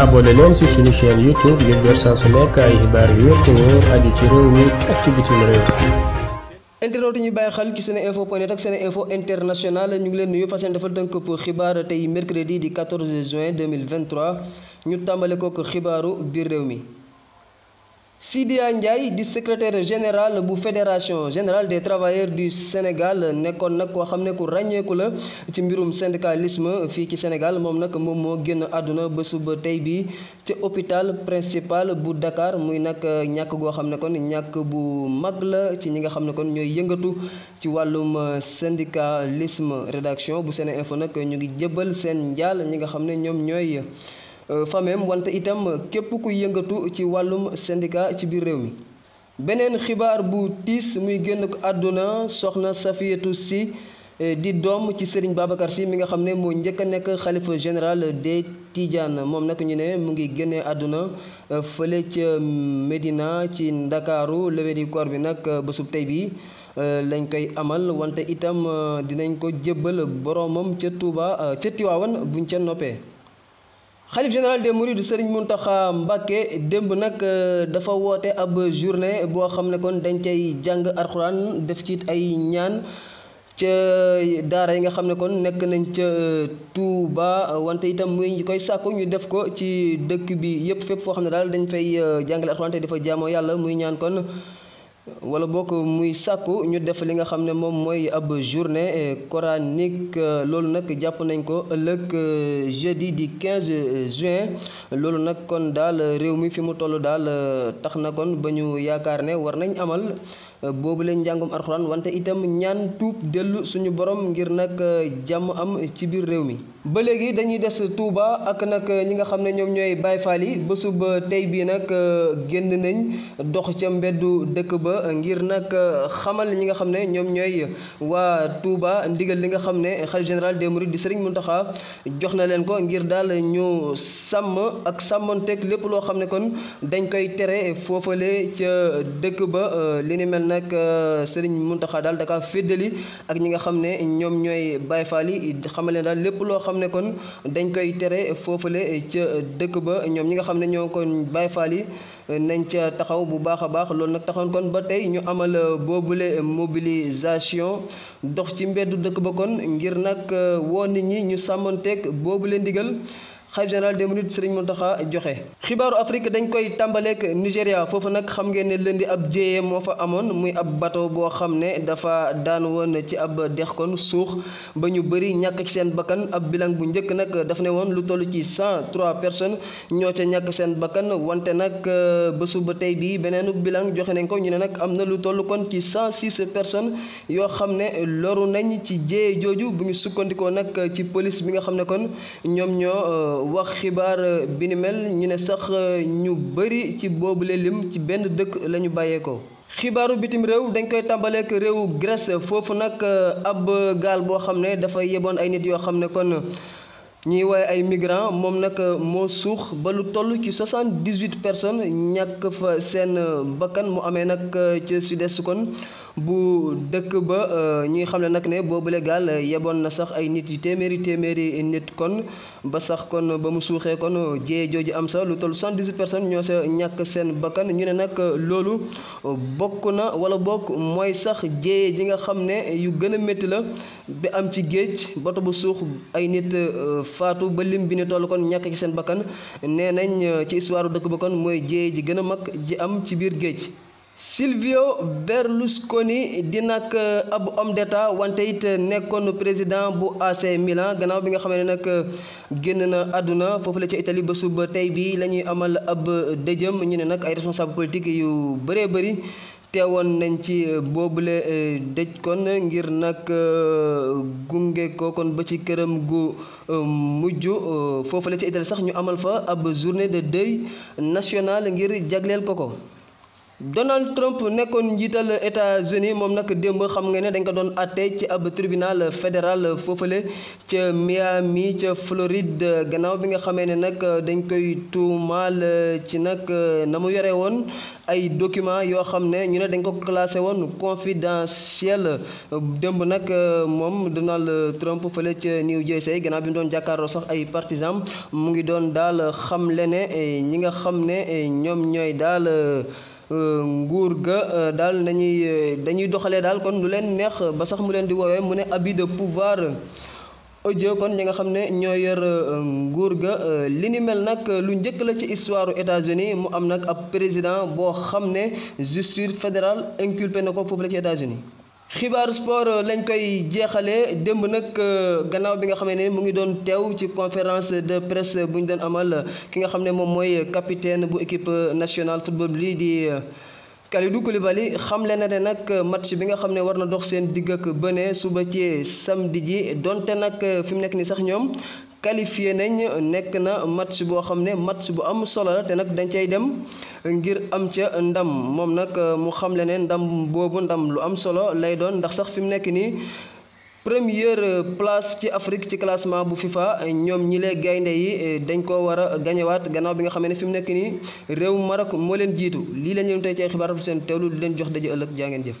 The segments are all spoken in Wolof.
abonné leen ci suñu chaîne YouTube ngir jot su nekk xibaar yu wér te wóor ci réew mi ak ci bitim réew. internet ñuy bàyyi xel ci seen info point net ak sene info international ñu ngi leen nuyu fas yéene dafa dënk xibaar tey mercredi di juin 2023 ñu tàmbale kook xibaaru biir réew mi. Sidya Ndiaye di secretaire général bu fédération général des travailleurs du Sénégal nekkoon nag koo xam ne ku ràññeeku la ci mbirum syndicalisme fii ci Sénégal moom nag moom moo génn àdduna ba suba tey bii ca hôpital principal bu Dakar muy nag ñàkk goo xam ne kon ñàkk bu mag la ci ñi nga xam ne kon ñooy yëngatu ci wàllum syndicalisme rédaction bu Séné Info nag ñu ngi jëbal seen njaal ñi nga xam ne ñoom ñooy. Euh, fameem wante itam képp ku yëngatu ci wàllum syndicat ci biir réew mi beneen xibaar bu tiis muy génn àdduna soxna Safiyatu Si eh, di doom ci Serigne Babacar si mi nga xam ne moo njëkk a nekk xalifa général des Tidiane moom nag ñu ne mu ngi génnee àdduna eh, fële ca Médina ci Ndakaaru levée du bi nag eh, bësu tey bi lañ koy amal wante itam dinañ ko jébbal boroomam ca tuuba ca Tiwaawan buñ ca noppee xalif général des mourides Serigne Mountakha Mbacké démb nag euh, dafa woote ab journée boo xam ne kon dañ cay jàng alxuraan def ci ay ñaan ca daara yi nga xam ne kon nekk nañ ca euh, Touba wante itam muy koy sàkku ñu def ko ci dëkk bi yëpp fépp foo xam ne daal dañ fay euh, jàngale alxuraan te dafa jaamoo yàlla muy ñaan kon wala bokk muy sàkku ñu def li nga xam ne moom mooy ab journée eh, coranique euh, loolu nag jàpp nañ ko ëllëg euh, jeudi di 15 juin loolu nag kon daal réew mi fi mu toll daal euh, tax na kon ba ñu yaakaar ne war nañ amal boobu leen njàngum alxuraan wante itam ñaan tuub dellu suñu borom ngir nag euh, jàmm am ci biir réew mi ba léegi dañuy des Touba ak nag ñi nga xam ne ñoom ñooy Baay Faal bésub tey bii nag euh, génn nañ dox ca mbeddu dëkk ba ngir nag euh, xamal ñi nga xam ne ñoom ñooy waa Touba ndigal li nga xam ne xalifa général de mourides di Sëriñ Muntaxa jox na leen ko ngir daal ñu sàmm ak sàmmanteeg lépp loo xam ne kon dañ koy tere foofale ca dëkk ba li ni mel nag mun euh, Muntaxa daal daka féddali ak ñi nga xam ne ñoom ñooy Baay Faal yi xamal leen daal lépp loo xam ne kon dañ koy tere foofu la ca dëkk ba ñoom ñi nga xam ne ñoo kon Baay Faal yi euh, nañ ca taxaw bu baax a baax loolu nag taxoon kon ba tey ñu amal euh, boobule mobilisation dox ci mbeddu dëkk ba kon ngir nag woo nit ñi ñu sàmmanteeg boobule ndigal xalif général des mourides Serigne Mountakha joxe xibaaru Afrique dañ koy tàmbaleek Nigéria foofu nag xam ngeen ne lëndi ab jéeye moo fa amoon muy ab bateau boo xam ne dafa daan woon ci ab dex kon suux ba ñu bëri ñàkk ci seen bakkan ab bilan bu njëkk nag daf ne woon lu toll ci cent trois personnes ñoo ca ñàkk seen bakkan wante nag euh, bésu ba tey bii beneenu bilan joxe nañ ko ñu ne nag am na lu toll kon ci cent six personnes yoo xam ne loru nañ ci jéeye jooju bu ñu sukkandikoo nag ci police bi nga xam ne kon ñoom ñoo euh, wax xibaar euh, bi ni ñu ne sax euh, ñu bëri ci boobule lim ci benn dëkk lañu ñu bàyyeekoo. xibaaru bitim réew dañ koy tàmbaleek réewu Grèce foofu nag euh, ab gaal boo xam ne dafa yeboon ay nit yoo xam ne kon. ñuy wooye ay migrants moom nag euh, moo suux ba lu toll ci soixante-dix-huit personnes ñàkk fa seen euh, bakkan mu amee nag euh, ca sud des kon bu dëkk ba ñuy xam ne nag ne boobule gaal yeboon na sax ay nit yu téeméeri téeméeri nit kon ba sax kon ba mu suuxee kon jiyee jooju am sa lu toll personnes ñoo sa ñàkk seen bakkan ñu ne nag loolu bokk na wala bokk mooy sax jiyee ji nga xam ne yu gën a métti la bi am ci géej bato bu suux ay nit faatu ba lim bi ni toll kon ñàkk ci seen bakkan nee nañ euh, ci histoire dëkk ba kon mooy jéey ji gën a mag ji am ci biir géej Silvio Berlusconi di nag euh, ab homme d'état wante it euh, nekkoon président bu AC millan gannaaw bi nga xam ne nag génn na àdduna foofu la ci Italie ba suba tey bii la ñuy amal ab dëjëm ñu ne nag ay responsable politique yu bëree bëri teewoon nañ ci euh, boobule euh, dëj kon ngir nag euh, gunge ko kon ba ci këram gu mujj la ci Italie sax ñu amal fa ab journée de deuil national ngir jagleel ko ko. Donald Trump nekkoon njiital États-Unis moom nag démb xam nga ne dañ ko doon àtte ci ab tribunal fédéral foofale ca Miami ca Floride gannaaw bi nga xamee ne nag dañ koy tuumaal ci nag na mu yore woon ay documents yoo xam ne ñu ne dañ ko classé woon confidentiel démb nag moom Donald Trump fële ca New Jersey gannaaw bi mu doon jàkkaarloo sax ay partisans mu ngi doon daal xamle ne ñi nga xam ne ñoom ñooy daal. Euh, nguur ga euh, daal nañuy euh, dañuy doxalee daal kon lu leen neex ba sax mu leen di woowee mu ne abus de pouvoir audio kon ñi nga xam ne ñoo yor nguur ga li ni mel nag lu njëkk la ci histoire États-Unis mu am nag ab président boo xam ne justice fédérale inculpé na ko foofu la ci États-Unis xibaaru sport lañ koy jeexale démb nag euh, gannaaw bi nga xam ne mu ngi doon teew ci conférence de presse bu ñu doon amal ki nga xam ne moom mooy capitaine bu équipe nationale football bi di euh, Kalidou Koulibaly xamle na ne nag match bi nga xam ne war na dox seen digg ak Bénin suba ci samedi ji donte nag euh, fi mu nekk nii sax ñoom qualifié nañ nekk na match boo xam ne match bu am solo la te nag dañ cay dem ngir am ca ndam moom nag mu xamle ne ndam boobu ndam lu am solo lay doon ndax sax fi mu nekk nii première place ci Afrique ci classement bu fi FIFA ñoom ñi lee gaynde yi dañ koo war a gañewaat gannaaw bi nga xam ne fi mu nekk nii réew Maroc moo leen jiitu lii la ñu tey ci xibaar bu seen teewlu di leen jox daje ëllëg jaa ngeen jëf.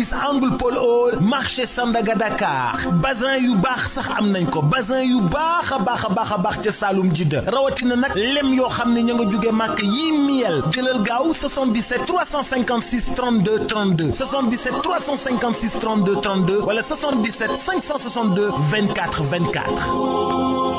police angle Paul Hall marché Sandaga Dakar bazin yu baax sax am nañ ko bazin yu baax a baax a baax a baax ca Saloum jidda rawatina nag lem yoo xam ne ñoo nga jóge màkk yii miel jëlal gaaw 77 356 32 32 77 356 32 32 wala 77 562 24 24